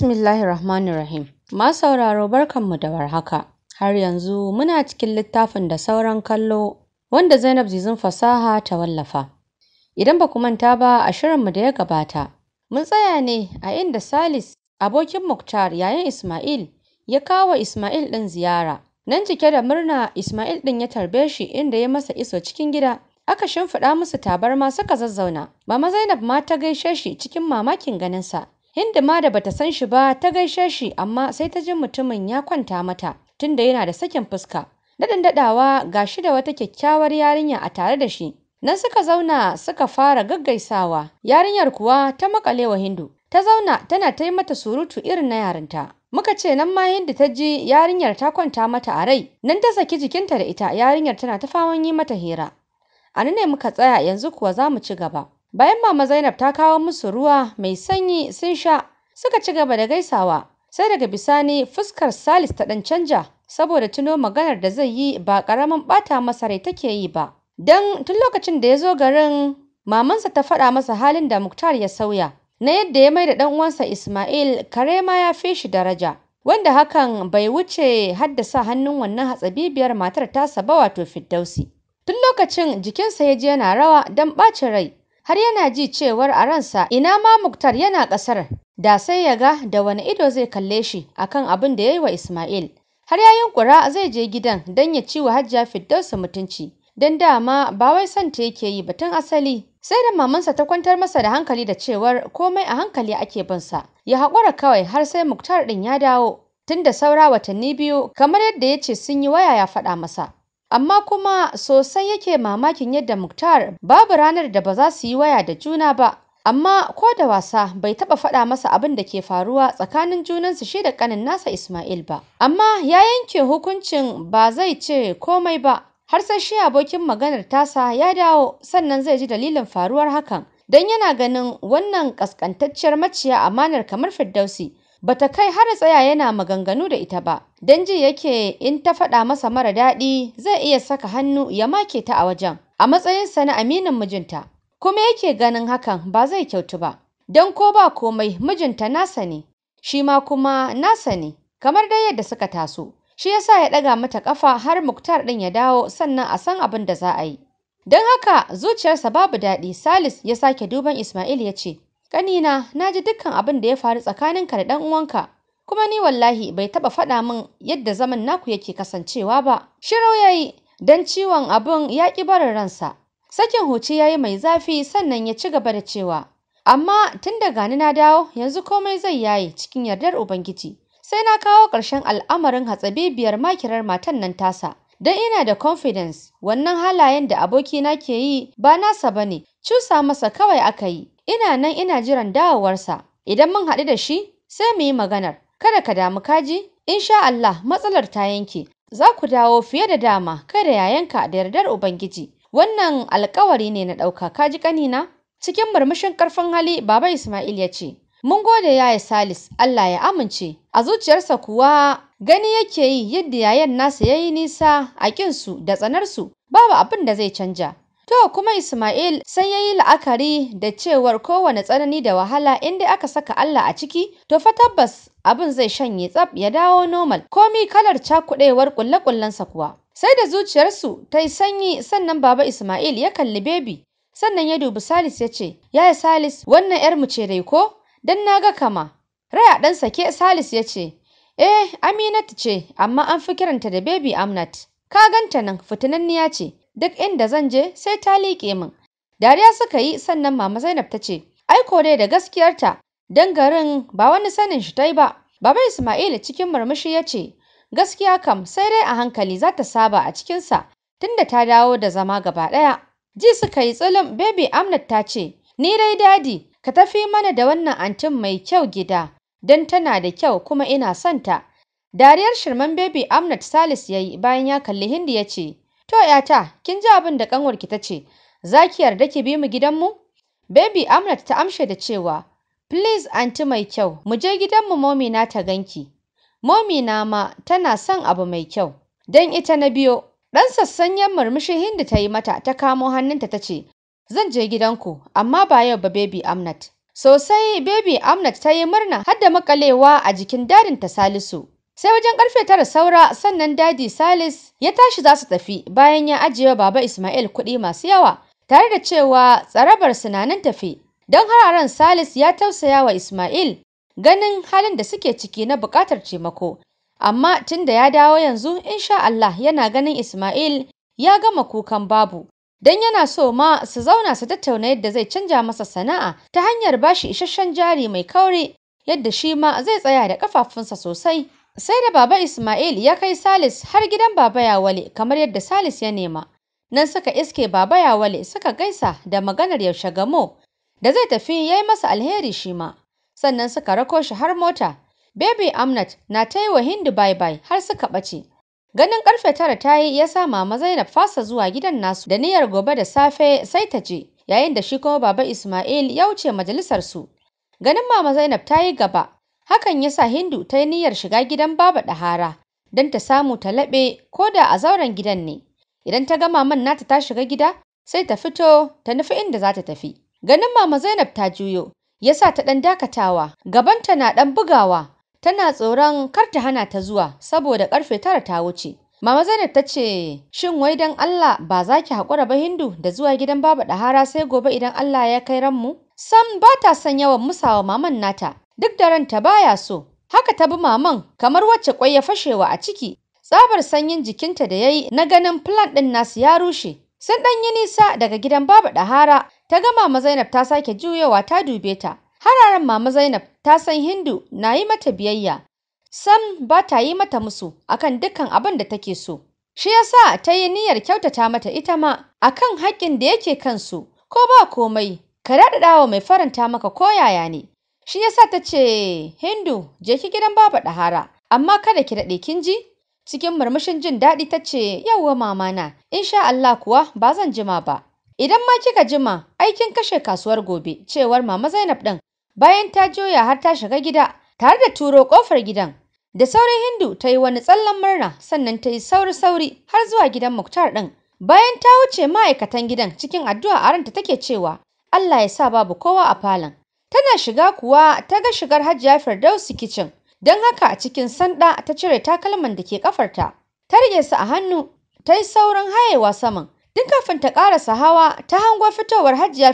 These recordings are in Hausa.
Bismillahir Rahmanir Rahim. Ma sauraro barkanmu da warhaka. Har yanzu muna cikin littafin da sauran kallo wanda Zainab Zizin fasaha ta wallafa. Idan ba ku manta ba a shirinmu da ya gabata, mun tsaya ne a inda Salis abokin Muktar yayin Ismail ya kawo Ismail ɗin ziyara. Nan cike da murna Ismail ɗin ya tarbe shi inda ya masa iso cikin gida. Aka shimfiɗa musu tabarma suka zazzauna. Mama Zainab ma ta gaishe shi cikin mamakin ganinsa. Hindu ma da bata san shi ba ta gaishe shi amma sai ta ji mutumin ya kwanta mata tunda yana da sakin fuska. Daɗin daɗawa ga shi da wata kyakkyawar yarinya a tare da shi. Nan suka zauna suka fara gaggaisawa yarinyar kuwa ta maƙale wa Hindu. Ta zauna tana ta yi mata surutu irin na yarinta. Muka ce nan ma Hindu ta ji yarinyar ta kwanta mata a rai nan ta saki jikinta da ita yarinyar tana ta faman yi mata hira. A ne muka tsaya yanzu kuwa za mu ci gaba. Bayan mama Zainab ta kawo musu ruwa mai sanyi sun sha suka ci gaba da gaisawa sai daga bisani fuskar Salis ta ɗan canja saboda tuno maganar da zai yi ba ƙaramin ɓata masa rai take yi ba. dan tun lokacin da ya zo garin mamansa ta faɗa masa halin da Muktar ya sauya na yadda ya maida da ɗan uwansa Ismail kare ma ya fi shi daraja. Wanda hakan bai wuce haddasa hannun wannan hatsabibiyar matar tasa ba wato Firdausi. Tun lokacin jikinsa ya je yana rawa dan ɓace rai har yana ji cewar a ransa ina ma Muktar yana ƙasar da sai ya ga da wani ido zai kalle shi a kan abin da ya yi wa Ismail. Har ya yunƙura zai je gidan don ya ci wa Hajja firdausa mutunci. Don dama ba wai son ta yake yi ba tun asali. Sai da mamansa ta kwantar masa da hankali da cewar komai a hankali ake bin sa. Ya haƙura kawai har sai Muktar ɗin ya dawo. Tun da saura watanni biyu kamar yadda ya ce sun yi waya ya faɗa masa. amma kuma sosai yake mamakin yadda Muktar babu ranar da ba za su yi waya da juna ba amma ko da wasa bai taba faɗa masa abin da ke faruwa tsakanin junansu shi da kanin nasa Ismail ba amma ya yanke hukuncin ba zai ce komai ba har sai shi abokin maganar tasa ya dawo sannan zai ji dalilin faruwar hakan don yana ganin wannan kaskantacciyar maciya amanar kamar Firdausi bata kai har tsaya yana maganganu da ita ba don ji yake in ta faɗa masa mara daɗi zai iya saka hannu ya make ta a wajen a matsayinsa na aminin mijinta kuma yake ganin hakan ba zai kyautu ba don ko ba komai mijinta nasa ne shi ma kuma nasa ne kamar dai yadda suka taso shi yasa ya ɗaga mata ƙafa har muktar ɗin ya dawo sannan a san abin da za a yi don haka zuciyarsa babu daɗi salis ya sake duban ismail ya ce Ƙanina na ji dukkan abin da ya faru tsakaninka da ɗan uwanka kuma ni wallahi bai taɓa faɗa min yadda zaman naku yake kasancewa ba. Shirau yayi dan ciwon abun ya ƙi barin ransa. Sakin huci yayi mai zafi sannan ya ci gaba da cewa amma tun da gani na dawo yanzu komai zai yaye cikin yardar Ubangiji. Sai na kawo ƙarshen al'amarin hatsabibiyar makirar matan nan tasa. dan ina da confidence wannan halayen da abokina ke yi ba nasa ba ne cusa masa kawai aka yi ina nan ina jiran dawowarsa idan mun haɗu da shi sai mu yi maganar kada ka damu kaji insha Allah matsalar ta yanke za ku dawo fiye da dama kai da yayanka da yardar ubangiji wannan alkawari ne na ɗauka ka kaji ƙanina cikin murmushin ƙarfin hali baba Ismail ya ce mun gode yaya Salis Allah ya amince a zuciyarsa kuwa gani yake yi yadda yayan nasa yayi nisa a ƙinsu da tsanarsu babu abin da zai canja To kuma Ismail sai ya yi la'akari da cewar kowane tsanani da wahala inda aka saka Allah a ciki to fa tabbas abin zai shanye tsab ya dawo normal komi kalar cakuɗewar ƙulle-ƙullensa kuwa. Sai da zuciyarsu ta yi sanyi sannan baba Ismail ya kalli bebi sannan ya dubi Salis ya ce yaya Salis wannan ‘yar mu ce dai ko dan na ga kama. rai a ɗan sake Salis ya ce eh Aminatu ce amma an fi kiranta da bebi Amnat. Ka ganta nan fitinanniya ce duk inda zan je sai ta liƙe min. Dariya suka yi sannan Mama Zainab ta ce, Ai ko dai da gaskiyarta, dan garin ba wani sanin shi tai ba. Baba isma'ila cikin murmushi ya ce, Gaskiya kam sai dai a hankali za ta saba a cikinsa tunda ta dawo da zama gaba ɗaya. Ji suka yi tsulum Baby Amnat ta ce, Ni dai dadi, ka tafi mana da wannan antin mai kyau gida, dan tana da kyau kuma ina son ta. Dariyar shirman Baby Amnat Salis ya yi bayan ya kalli Hindi ya ce, To yata, kin ji abin da kanwarki ta ce, za ki yarda ki bi mu gidan mu? Baby Amnat ta amshe da cewa, Please anti mai kyau, mu je gidanmu momi na ta ganki. Momi na ma tana son abu mai kyau. Dan ita na biyo, ɗan sassanyen murmushi Hindu ta yi mata ta kamo hannunta ta ce, Zan je gidanku, amma ba yau ba baby Amnat. Sosai baby Amnat ta yi murna har da makalewa a jikin dadinta Salisu. sai wajen karfe tara saura sannan dadi salis ya tashi za su tafi bayan ya ajiye baba ismail kuɗi masu yawa tare da cewa tsarabar sinanan tafi don ran salis ya tausaya wa ismail ganin halin da suke ciki na buƙatar taimako amma tun da ya dawo yanzu insha Allah yana ganin Ismail ya gama kukan babu dan yana so ma su zauna su tattauna yadda zai canja masa sana'a ta hanyar bashi isasshen jari mai kauri yadda shi ma zai tsaya da kafafunsa sosai sai da baba Ismail ya kai Salis har gidan baba Yawale kamar yadda Salis ya nema. Nan suka iske baba Yawale suka gaisa da maganar yaushe gamo da zai tafi ya yi masa alheri shi ma. Sannan suka rako shi har mota. Baby Amnat na ta yi wa Hindu bye-bye har suka bace. Ganin karfe tara ta yi ya sa mama Zainab fasa zuwa gidan nasu da niyyar gobe da safe sai ta je, yayin da shi kuma baba Ismail ya wuce majalisar su. Ganin mama Zainab ta yi gaba, Hakan ya sa Hindu ta yi niyyar shiga gidan Baba Ɗahara don ta samu ta laɓe ko da a zauren gidan ne. Idan ta ga maman nata ta shiga gida, sai ta fito ta nufi inda za ta tafi. Ganin mama Zainab ta juyo, ya sa ta ɗan dakatawa, gabanta na ɗan bugawa, tana tsoron kar ta hana ta zuwa saboda ƙarfe tara ta wuce. Mama Zainab ta ce, Shin wai don Allah ba za ki haƙura ba Hindu da zuwa gidan Baba Ɗahara sai gobe idan Allah ya kai ranmu? Sam ba ta son yawan musawa maman nata, duk da ranta baya so haka ta bi maman kamar wacce kwai ya fashewa a ciki tsabar sanyin jikinta da yayi na ganin plan ɗin nasu ya rushe sun ɗan yi nisa daga gidan baba ɗahara ta ga mama Zainab ta sake juyowa ta dube ta hararen mama Zainab ta san Hindu na yi mata biyayya sam ba ta yi mata musu akan dukkan abin da take so shi yasa ta yi niyyar kyautata mata ita ma akan haƙƙin da yake kansu ko ba komai ka daɗaɗa wa mai faranta maka ko yaya ne Shi yasa ta ce, Hindu, je ki gidan Baba Ɗahara, amma kada ki daɗe kin ji? Cikin murmushin jin daɗi ta ce, Yawwa mamana, sha Allah kuwa ba zan jima ba. Idan ma kika jima, aikin kashe kasuwar gobe, cewar Mama Zainab ɗin. Bayan ta juya har ta shiga gida, tare da turo ƙofar gidan. Da saurin Hindu ta yi wani tsallan murna, sannan ta yi sauri-sauri har zuwa gidan Muktar ɗin. Bayan ta wuce ma'aikatan gidan cikin addu'a a ranta take cewa, Allah ya sa babu kowa a falon. Tana shiga kuwa ta ga shigar Hajiya Firdausi kicin, don haka a cikin sanda ta cire takalman da ke ƙafarta. Ta riƙe su a hannu, ta yi saurin hayewa saman. Duk kafin ta ƙarasa hawa, ta hango fitowar Hajiya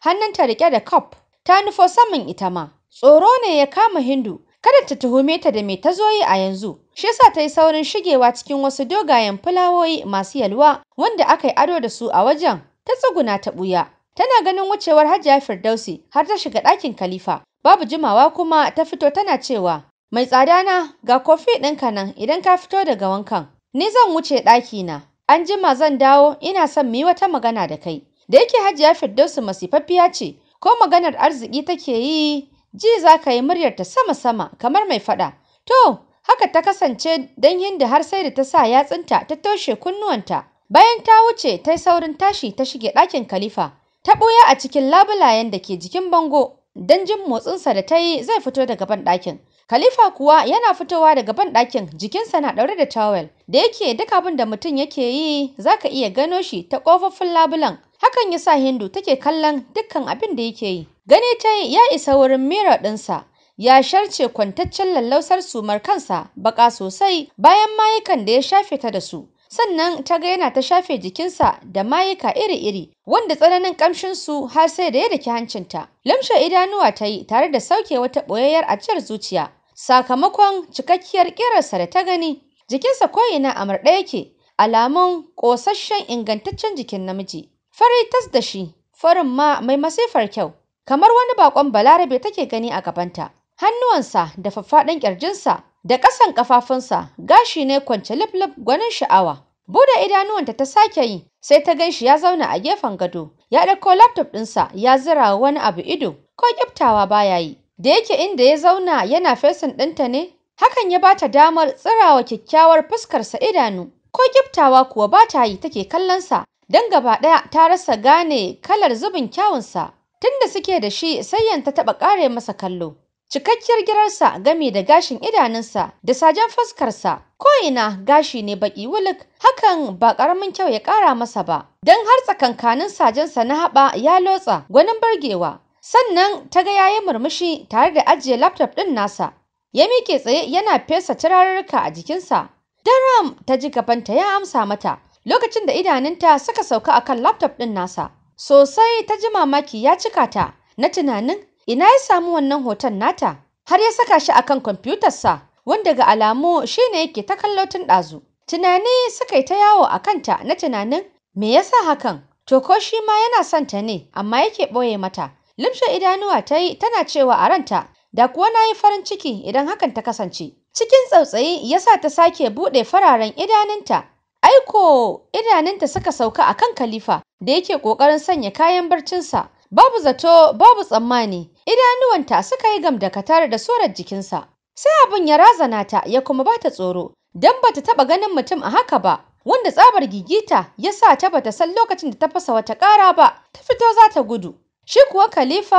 hannun ta riƙe da cup. Ta nufo saman ita ma. Tsoro ne ya kama Hindu, kada ta tuhume ta da me ta zo yi a yanzu. Shi yasa ta yi saurin shigewa cikin wasu dogayen fulawoyi masu yalwa wanda aka yi ado da su a wajen. Ta tsuguna ta ɓuya. Tana ganin wucewar Hajiya Firdausi har ta shiga ɗakin Khalifa. Babu jimawa kuma ta fito tana cewa, Mai tsada na ga kofi ɗinka nan idan ka fito daga wankan. Ni zan wuce ɗakina. An jima zan dawo ina son mu yi wata magana da kai. Da yake Hajiya Firdausi masifaffiya ce, ko maganar arziki take yi, ji za ka yi muryarta sama-sama kamar mai faɗa. To, haka ta kasance don Hindu har sai da ta sa yatsunta ta toshe kunnuwanta. Bayan ta wuce ta saurin tashi ta shige ɗakin Khalifa. ta ɓuya a cikin labulayen da ke jikin bango don jin motsinsa da ta yi zai fito daga banɗakin. Khalifa kuwa yana fitowa daga banɗakin jikinsa na ɗaure da tawel da yake duk abin da mutum yake yi za ka iya gano shi ta ƙofofin labulan. Hakan ya sa Hindu take kallon dukkan abin da yake yi. Gani ta yi ya isa wurin mira ɗinsa ya sharce kwantaccen lallausar sumar kansa baƙa sosai bayan mayukan da ya shafe ta da su. sannan ta ga yana ta shafe jikinsa da mayuka iri-iri wanda tsananin ƙamshin su har sai da ya daki hancinta lamshe idanuwa ta yi tare da sauke wata ɓoyayyar ajiyar zuciya sakamakon cikakkiyar ƙirarsa da ta gani jikinsa ko'ina a murɗe yake alamun ƙosasshen ingantaccen jikin namiji fari tas da shi farin ma mai masifar kyau kamar wani baƙon balarabe take gani a gabanta hannuwansa da faffaɗan ƙirjinsa da ƙasan ƙafafunsa gashi ne kwance lif-lif gwanin sha'awa. Buɗe idanuwanta ta sake yi sai ta gan shi ya zauna a gefen gado ya ɗauko laptop ɗinsa ya zira wani abu ido ko ƙiftawa baya yi. Da yake inda ya zauna yana fesin ɗinta ne hakan ya bata damar tsirawa kyakkyawar fuskarsa idanu ko ƙiftawa kuwa bata yi take kallonsa don gaba ɗaya ta rasa gane kalar zubin kyawunsa. Tunda suke da shi sai ta taɓa ƙare masa kallo. cikakkiyar girarsa game da gashin idanunsa da sajen fuskarsa ko'ina gashi ne baki wuluk, hakan ba ƙaramin kyau ya ƙara masa ba don har tsakankanin sajensa na haɓa ya lotsa gwanin burgewa sannan ta ga ya yi murmushi tare da ajiye laptop ɗin nasa ya miƙe tsaye yana fesa turarurruka a jikinsa daram ta ji gabanta ya amsa mata lokacin da idanunta suka sauka a kan laptop ɗin nasa sosai ta ji mamaki ya cika ta na tunanin ina ya samu wannan hoton nata har ya saka shi akan kwamfutarsa wanda ga alamu shine yake ta kallo tun ɗazu tunani suka yi ta yawo a kanta na tunanin me yasa hakan to ko shi ma yana son ta ne amma yake ɓoye mata limshe idanuwa ta yi tana cewa a ranta da kuwa na yi farin ciki idan hakan ta kasance cikin tsautsayi ya sa ta sake buɗe fararen idanunta aiko idanunta suka sauka a kan khalifa da yake ƙoƙarin sanya kayan barcinsa babu zato babu tsammani idanuwanta suka yi gam da surar jikinsa sai abin ya razana ta ya kuma bata tsoro don bata taɓa ganin mutum a haka ba wanda tsabar gigita ya sa ta bata san lokacin da ta fasa wata ƙara ba ta fito za ta gudu shi kuwa khalifa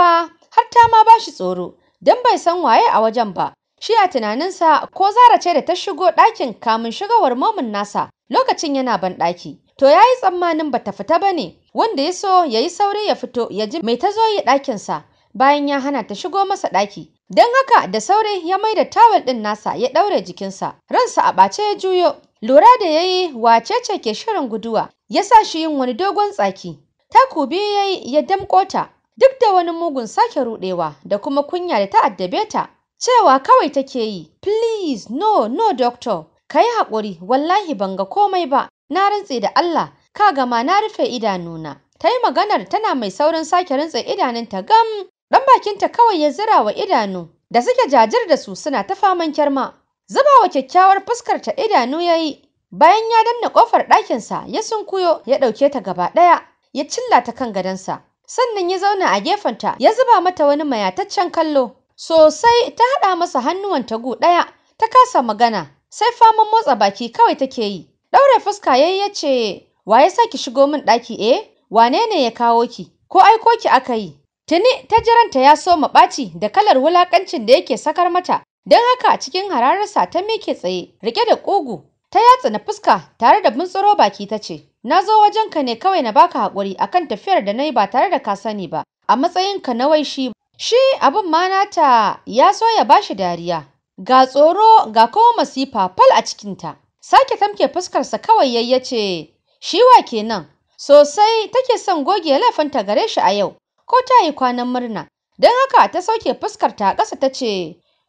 har ta ma ba shi tsoro don bai san waye a wajen ba shi a tunaninsa ko zara ce da ta shigo ɗakin kamun shigowar momin nasa lokacin yana banɗaki, to ya yi tsammanin bata fita ba ne wanda ya so ya yi sauri ya fito ya ji mai ta zo yi ɗakinsa bayan ya hana ta shigo masa ɗaki. Don haka da saurayi ya mai da tawul ɗin nasa ya ɗaure jikinsa, ransa a ɓace ya juyo. Lura da ya yi wacece ke shirin guduwa, ya sa shi yin wani dogon tsaki. takubi biyu ya yi ya damƙo ta, duk da wani mugun sake ruɗewa da kuma kunya da ta addabe ta. Cewa kawai take yi, please no no doctor, ka yi haƙuri wallahi ban ga komai ba, na rantse da Allah, ka gama na rufe idanuna. ta yi maganar tana mai saurin sake rintse idanunta gam ɗan bakinta kawai ya zira wa idanu da suke jajir da su suna ta faman kyarma. Zuba wa kyakkyawar fuskar ta idanu ya yi, bayan ya danna ƙofar ɗakinsa ya sunkuyo ya ɗauke ta gaba ɗaya ya cilla ta kan gadonsa. Sannan ya zauna a gefenta ya zuba mata wani mayataccen kallo. Sosai ta haɗa masa hannuwan ta gu ɗaya ta kasa magana sai faman motsa baki kawai take yi. Ɗaure fuska yayi ya ce, wa ya sa ki shigo min ɗaki eh? Wanene ya kawo ki? Ko aiko ki aka yi? Tuni ta jiranta ya so ma ɓaci da kalar wulakancin da yake sakar mata, don haka a cikin hararsa ta miƙe tsaye, riƙe da ƙugu, ta yatsa na fuska tare da buntsuro baki ta ce, Na zo wajenka ne kawai na baka haƙuri akan tafiyar da na yi ba tare da ka sani ba, a matsayinka na wai shi. Shi abin ma nata ya so ya bashi dariya, ga tsoro ga kuma masifa fal a cikinta. Sake tamke fuskarsa kawai yayyace, shi wa kenan, sosai take son goge laifinta gare shi a yau, ko ta yi kwanan murna don haka ta sauke fuskar ta ƙasa ta ce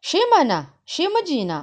shi mana shi mijina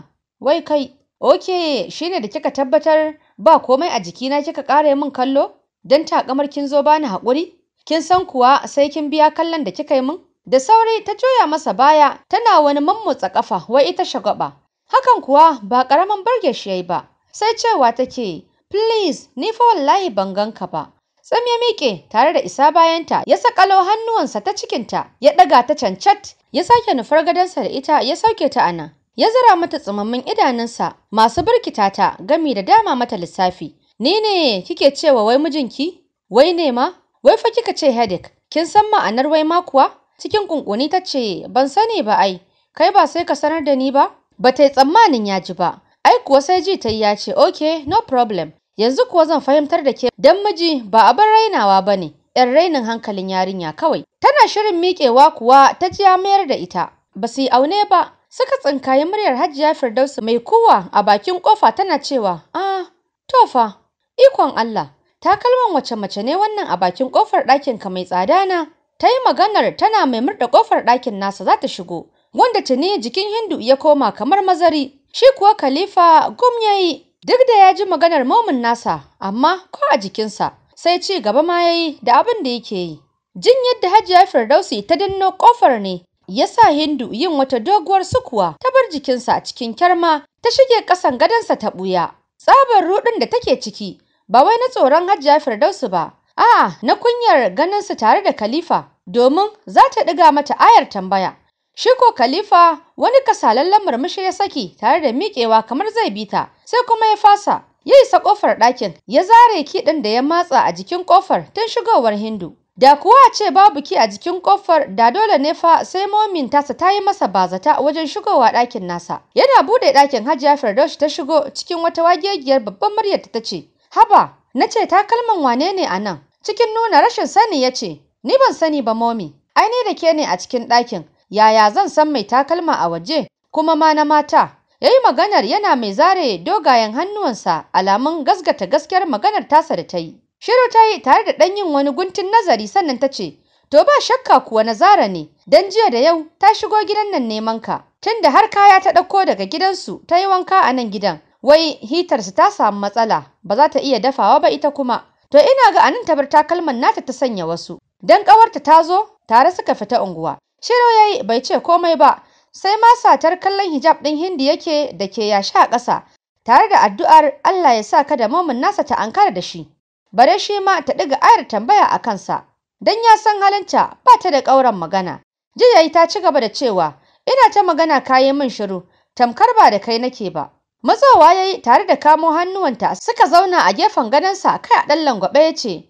wai kai oke shi ne da kika tabbatar ba komai a jikina kika ƙara min kallo don taƙamar kin zo bani haƙuri kin san kuwa sai kin biya kallon da kika yi min da sauri ta juya masa baya tana wani mammotsa ƙafa wai ita shagwaba hakan kuwa ba ƙaramin burge shi yayi ba sai cewa take please ni fa wallahi ban ganka ba Tsam ya miƙe tare da isa bayanta ya sakalo hannuwansa ta cikinta ya ɗaga ta cancat ya sake nufar gadonsa da ita ya sauke ta a nan. Ya zira mata tsimamin idanunsa masu birkita ta gami da dama mata lissafi. Ni ne kike cewa wai mijinki? Wai ne ma? Wai fa kika ce headache? Kin san ma'anar wai ma kuwa? Cikin kunkuni ta ce ban sani ba ai. Kai ba sai ka sanar da ni ba? Ba ta yi tsammanin ya ji ba. Ai kuwa sai ji ta yi ya ce ok no problem. yanzu kuwa zan fahimtar da ke dan miji ba a bar rainawa ba ne ‘yan rainin hankalin yarinya kawai tana shirin miƙewa kuwa ta ji mayar da ita ba su yi aune ba suka tsinkayi muryar hajiya firdausu mai kuwa a bakin kofa tana cewa ah tofa ikon allah takalman wace mace ne wannan a bakin kofar ɗakin ka mai tsada na ta yi maganar tana mai murda kofar ɗakin nasa za ta shigo wanda tuni jikin hindu ya koma kamar mazari shi kuwa khalifa gum ya yi Duk da ya ji maganar momin nasa, amma ko a jikinsa sai ci gaba ma ya yi da abin da yake yi. Jin yadda Hajiya Firdausi ta danno kofar ne ya sa Hindu yin wata doguwar sukuwa ta bar jikinsa a cikin kyarma ta shige ƙasan gadonsa ta buya Tsabar ruɗin da take ciki ba wai na tsoron Hajiya Firdausi ba, a'a na kunyar su tare da Khalifa domin za ta ɗiga mata ayar tambaya Shiko Khalifa wani kasalallen murmushi ya saki tare da miƙewa kamar zai bi ta, sai kuma ya fasa. Ya isa ƙofar ɗakin, ya zare kiɗin da ya matsa a jikin ƙofar tun shigowar Hindu. Da kuwa ce babu ki a jikin kofar da dole ne fa sai momin tasa ta yi masa bazata wajen shigowa ɗakin nasa. Yana buɗe ɗakin Hajiya Firdaus ta shigo cikin wata wagegiyar babban muryar ta ce, "Haba, na ce takalman wane ne a nan?" Cikin nuna rashin sani ya ce, "Ni ban sani ba momi, ai ni da ke ne a cikin ɗakin, yaya zan san mai takalma a waje kuma ma na mata ya yi maganar yana mai zare dogayen hannuwansa alamun gasgata gaskiyar maganar tasa da ta yi shiru ta yi tare da ɗan yin wani guntun nazari sannan ta ce to ba shakka kuwa na zara ne don jiya da yau ta shigo gidan nan neman ka da har kaya ta ɗauko daga gidansu ta yi wanka a nan gidan wai hitarsu ta samu matsala ba za ta iya dafawa ba ita kuma to ina ga anan bar takalman nata ta sanya wasu Don ƙawarta ta zo tare suka fita unguwa Shiru yayi bai ce komai ba, sai ma satar kallon hijab ɗin Hindi yake da ke yashi a ƙasa, tare da addu'ar Allah ya sa ka da momin nasa ta ankara da shi. Bare shi ma ta ɗiga ayar tambaya a kansa, don ya san halinta ba ta da ƙauren magana. Jiya ta ci gaba da cewa, ina ta magana kayan min shiru, tamkar ba da kai nake ba. Matsowa ya yi tare da kamo hannuwanta suka zauna a gefen gadonsa kai a ɗan langwaɓe ya ce,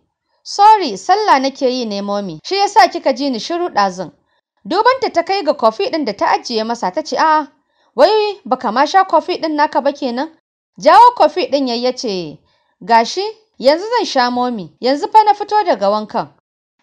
Sorry, sallah nake yi ne momi, shi ya sa kika ji ni shiru ɗazun. Dubanta ta kai ga kofi ɗin da ta ajiye masa ta ce, "A, ah, wai baka ma sha kofi ɗin naka ba kenan?" Jawo kofi ɗin yayi ya ce, "Gashi, yanzu zan sha momi, yanzu fa na fito daga wankan."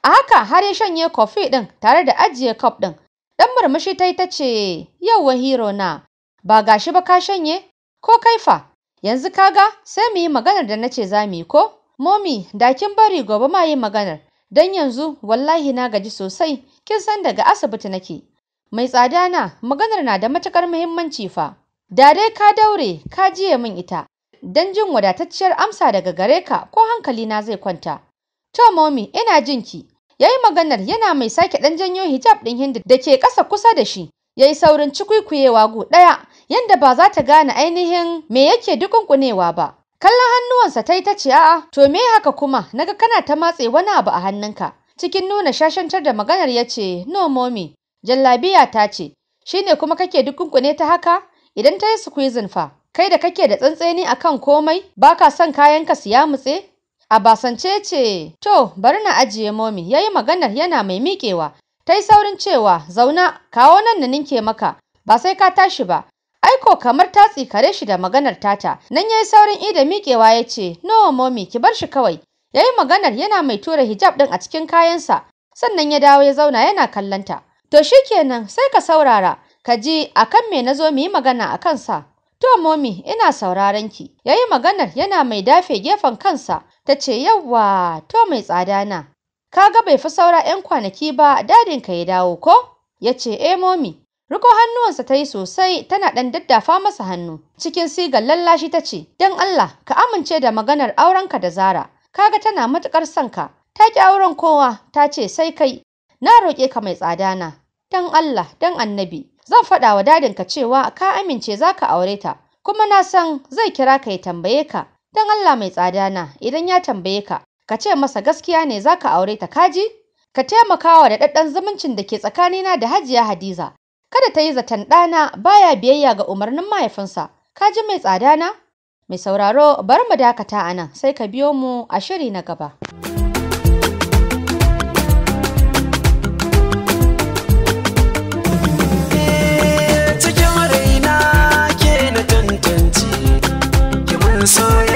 A haka har ya shanye kofi ɗin tare da ajiye kof ɗin. Ɗan murmushi ta yi ta ce, "Yauwa hero na, ba gashi ba ka shanye? Ko kaifa, fa? Yanzu kaga sai mu yi maganar da na ce za mu yi ko? Momi, da kin bari gobe ma yi maganar. don yanzu wallahi na gaji sosai kin san daga asibiti nake mai tsada na maganar na da matukar muhimmanci fa da dai ka daure ka jiye min ita don jin wadatacciyar amsa daga gare ka ko hankali na zai kwanta to momi ina jin ki yayi maganar yana mai sake dan janyo hijab din hindi da ke ƙasa kusa da shi yayi saurin cikuikuyewa gu daya yanda ba za ta gane ainihin me yake dukunkunewa ba kallon hannuwansa ta yi ta ce a'a to me haka kuma naga kana ta matse wani abu a hannunka cikin nuna shashantar da maganar ya ce no momi. jallabiya ta ce shine kuma kake dukunkune ta haka idan ta yi squeezing fa kai da kake da tsantseni a kan komai ba ka son kayanka su ya mutse a basance ce to bari na ajiye momi Ya yi maganar yana mai miƙewa ta yi saurin cewa zauna kawo nan na ninke maka ba sai ka tashi ba Aiko kamar ta tsikare shi da maganar tata, nan yayi saurin ida miƙewa ya ce, No, mommy, ki bar shi kawai. yayi maganar yana mai tura hijab ɗin a cikin kayansa, sannan ya dawo ya zauna yana kallonta. To shikenan sai ka saurara, ka ji a kan me na zo mu yi magana a kansa. To momi ina sauraron ki, yayi maganar yana mai dafe gefen kansa, ta ce yawwa to mai tsada na. Ka ga bai fi saura ‘yan kwanaki ba dadinka ya dawo ko? Ya ce e eh, momi, Riko hannuwansa ta yi sosai tana ɗan daddafa masa hannu. Cikin sigar lallashi ta ce, Don Allah, ka amince da maganar aurenka da Zara, kaga tana matuƙar son ka. Ta ƙi auren kowa, ta ce sai kai. Na roƙe ka mai tsada na, don Allah, don annabi. Zan faɗa wa dadinka cewa ka amince za ka aure ta, kuma na san zai kira ka ya tambaye ka. Don Allah mai tsada na, idan ya tambaye ka, ka ce masa gaskiya ne za ka aure ta ka ji? Ka taimakawa da ɗaɗɗan zumuncin da ke tsakanina da Hajiya Hadiza. kada ta yi zaton ɗana baya biyayya ga umarnin mahaifinsa ka ji mai tsada na mai sauraro bar mu dakata a nan sai ka biyo mu a shiri na gaba eh, cikin yeah.